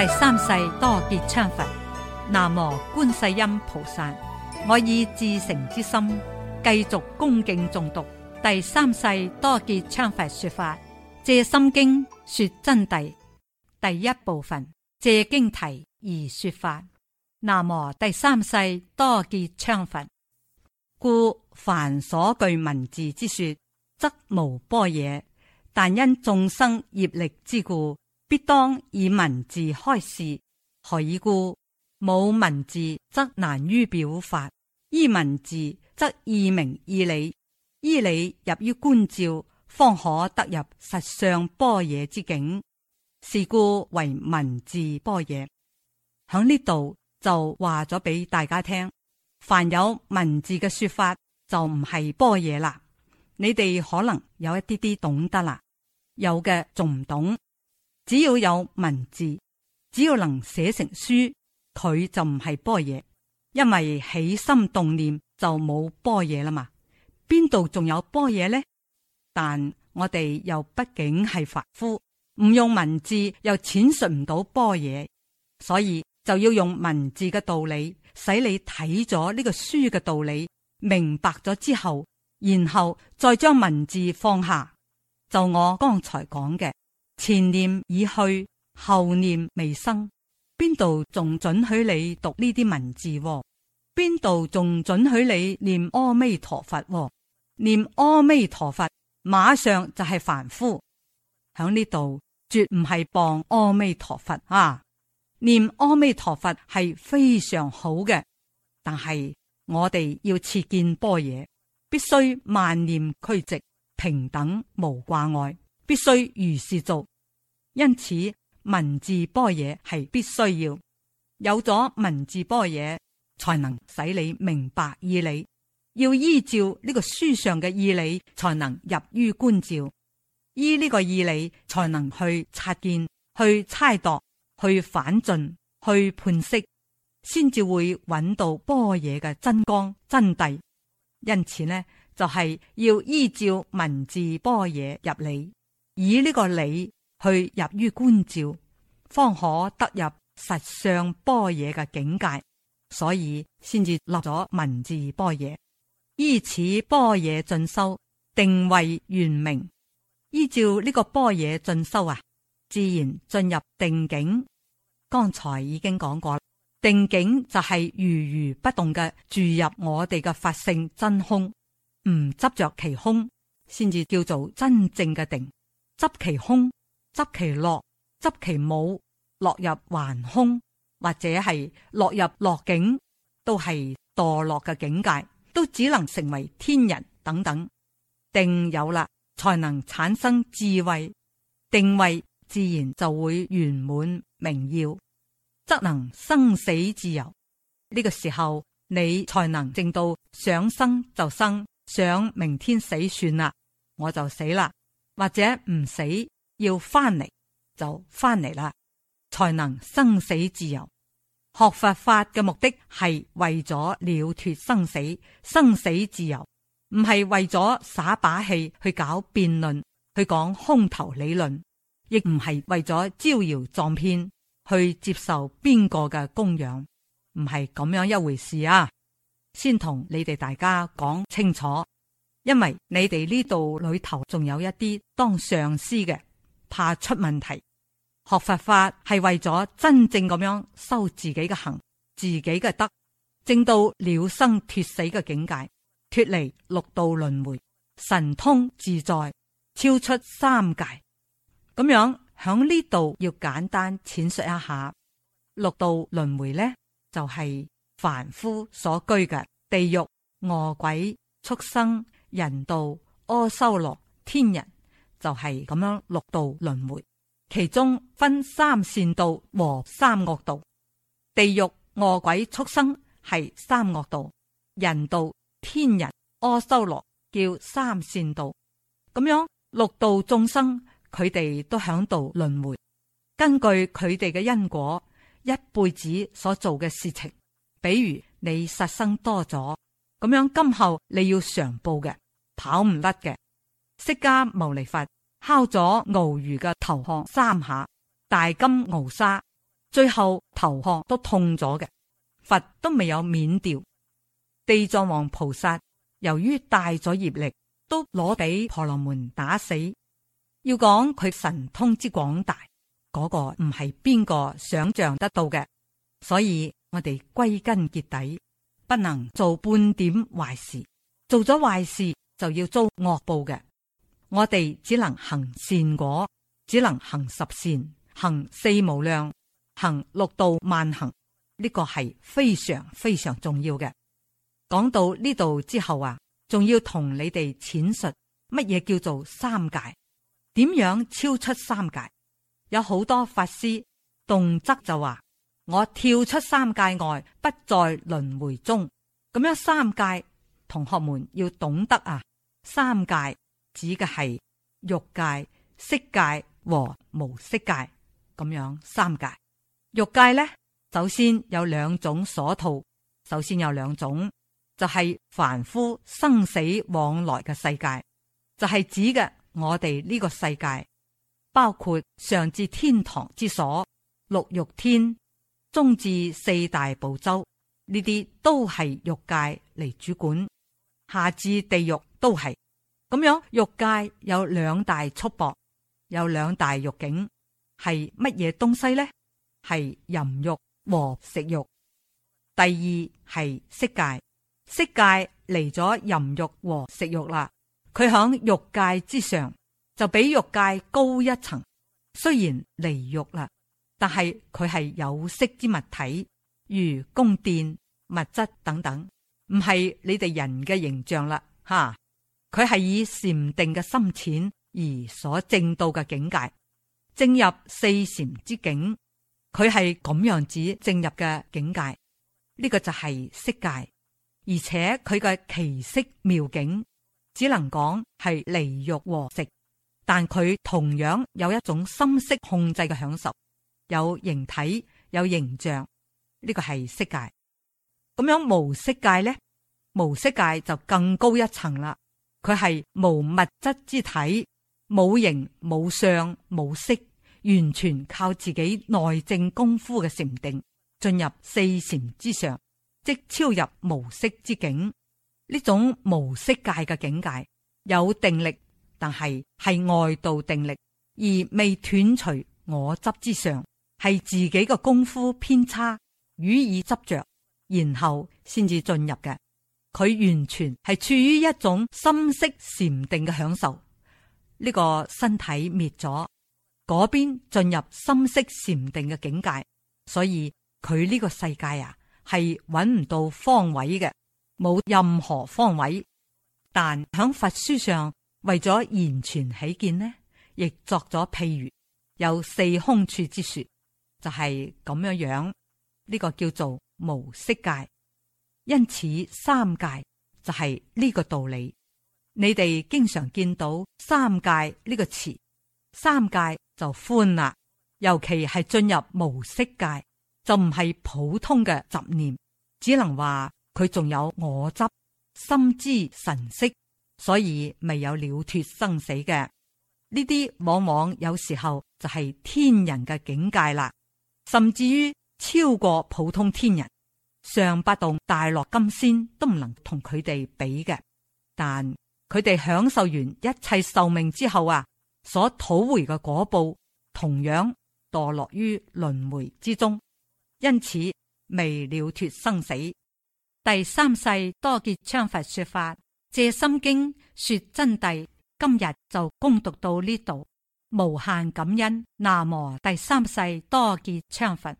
第三世多杰羌佛，南無觀世音菩薩。我以至誠之心，繼續恭敬誦讀《第三世多杰羌佛》說法《藉心經》說真諦第一部分《藉經題》而說法。南無第三世多杰羌佛，故凡所具文字之說，則無波也。但因眾生業力之故。必當以文字開示，何以故？冇文字則難於表法，依文字則易明易理，依理入於觀照，方可得入實相般若之境。是故為文字般若。喺呢度就話咗俾大家聽，凡有文字嘅說法就唔係般若啦。你哋可能有一啲啲懂得啦，有嘅仲唔懂？只要有文字，只要能寫成書，佢就唔係般若，因為起心動念就冇般若啦嘛。邊度仲有般若呢？但我哋又畢竟係凡夫，唔用文字又闡述唔到般若，所以就要用文字嘅道理，使你睇咗呢個書嘅道理，明白咗之後，然後再將文字放下。就我剛才講嘅。前念已去，後念未生，邊度仲准許你讀呢啲文字，哦？邊度仲准許你念阿彌陀佛，哦？念阿彌陀佛，馬上就係凡夫。喺呢度絕唔係謗阿彌陀佛啊！念阿彌陀佛係非常好嘅，但係我哋要切見般若，必須萬念俱寂，平等無掛礙，必須如是做。因此文字般若係必須要有咗文字般若，才能使你明白義理。要依照呢個書上嘅義理，才能入於觀照，依呢個義理，才能去察見、去猜度、去反進、去判析，先至會揾到般若嘅真光真諦。因此呢，就係要依照文字般若入理，以呢個理。去入於觀照，方可得入實相般若嘅境界，所以先至立咗文字般若。依此般若進修，定位圓明。依照呢個般若進修啊，自然進入定境。剛才已經講過，定境就係如如不動嘅注入我哋嘅法性真空，唔執着其空，先至叫做真正嘅定。執其空。執其樂，執其無，落入頑空，或者係落入樂境，都係墮落嘅境界，都只能成為天人等等。定有啦，才能產生智慧定位，自然就會圓滿明耀，則能生死自由。呢、這個時候你才能證到想生就生，想明天死算啦，我就死啦，或者唔死。要翻嚟就翻嚟啦，才能生死自由。學佛法嘅目的係為咗了脫生死，生死自由，唔係為咗耍把戲去搞辯論，去講空頭理論，亦唔係為咗招搖撞騙去接受邊個嘅供養，唔係咁樣一回事啊！先同你哋大家講清楚，因為你哋呢度裏頭仲有一啲當上司嘅。怕出問題，學佛法係為咗真正咁樣修自己嘅行，自己嘅德，正到了生脫死嘅境界，脫離六道輪迴，神通自在，超出三界。咁樣響呢度要簡單淺述一下六道輪迴呢，就係、是、凡夫所居嘅地獄、餓鬼、畜生、人道、阿修羅、天人。就係咁樣六道輪迴，其中分三善道和三惡道。地獄、餓鬼、畜生係三惡道，人道、天人、阿修羅叫三善道。咁樣六道眾生，佢哋都響度輪迴，根據佢哋嘅因果，一輩子所做嘅事情，比如你殺生多咗，咁樣今後你要償報嘅，跑唔甩嘅。釋迦牟尼佛敲咗鰲魚嘅頭殼三下，大金鰲沙，最後頭殼都痛咗嘅，佛都未有免掉。地藏王菩薩由於帶咗業力，都攞俾婆羅門打死。要講佢神通之廣大，嗰個唔係邊個想象得到嘅。所以我哋歸根結底，不能做半點壞事，做咗壞事就要遭惡報嘅。我哋只能行善果，只能行十善，行四無量，行六度萬行，呢、這個係非常非常重要嘅。講到呢度之後啊，仲要同你哋闡述乜嘢叫做三界，點樣超出三界？有好多法師動則就話我跳出三界外，不在輪回中。咁樣三界，同學們要懂得啊，三界。指嘅係欲界、色界和無色界，咁樣三界。欲界咧，首先有兩種所套，首先有兩種就係、是、凡夫生死往來嘅世界，就係、是、指嘅我哋呢個世界，包括上至天堂之所六欲天，中至四大部洲呢啲都係欲界嚟主管，下至地獄都係。咁樣欲界有兩大束縛，有兩大欲境，係乜嘢東西咧？係淫欲和食欲。第二係色界，色界離咗淫欲和食欲啦。佢響欲界之上，就比欲界高一層。雖然離欲啦，但係佢係有色之物體，如宮殿、物質等等，唔係你哋人嘅形象啦，吓。佢係以禪定嘅深淺而所正到嘅境界，證入四禪之境。佢係咁樣子證入嘅境界，呢個就係色界。而且佢嘅奇色妙境，只能講係離欲和食，但佢同樣有一種深色控制嘅享受，有形體，有形象。呢個係色界。咁樣無色界咧？無色界就更高一層啦。佢係無物質之體，冇形冇相冇色，完全靠自己內證功夫嘅禪定，進入四禪之上，即超入無色之境。呢種無色界嘅境界有定力，但係係外道定力，而未斷除我執之上，係自己嘅功夫偏差，予以執着，然後先至進入嘅。佢完全係處於一種心色禪定嘅享受，呢個身體滅咗，嗰邊進入心色禪定嘅境界，所以佢呢個世界啊，係搵唔到方位嘅，冇任何方位。但響佛書上為咗言傳起見呢，亦作咗譬如有四空處之說，就係咁樣樣，呢個叫做無色界。因此，三界就係、是、呢個道理。你哋經常見到三界呢個詞，三界就寬啦。尤其係進入無色界，就唔係普通嘅執念，只能話佢仲有我執、心之神色，所以未有了脱生死嘅呢啲，往往有時候就係天人嘅境界啦，甚至於超過普通天人。上八洞大羅金仙都唔能同佢哋比嘅，但佢哋享受完一切壽命之後啊，所討回嘅果報同樣墮落於輪迴之中，因此未了脱生死。第三世多杰羌佛說法《藉心經》說真諦，今日就攻讀到呢度，無限感恩。南無第三世多杰羌佛。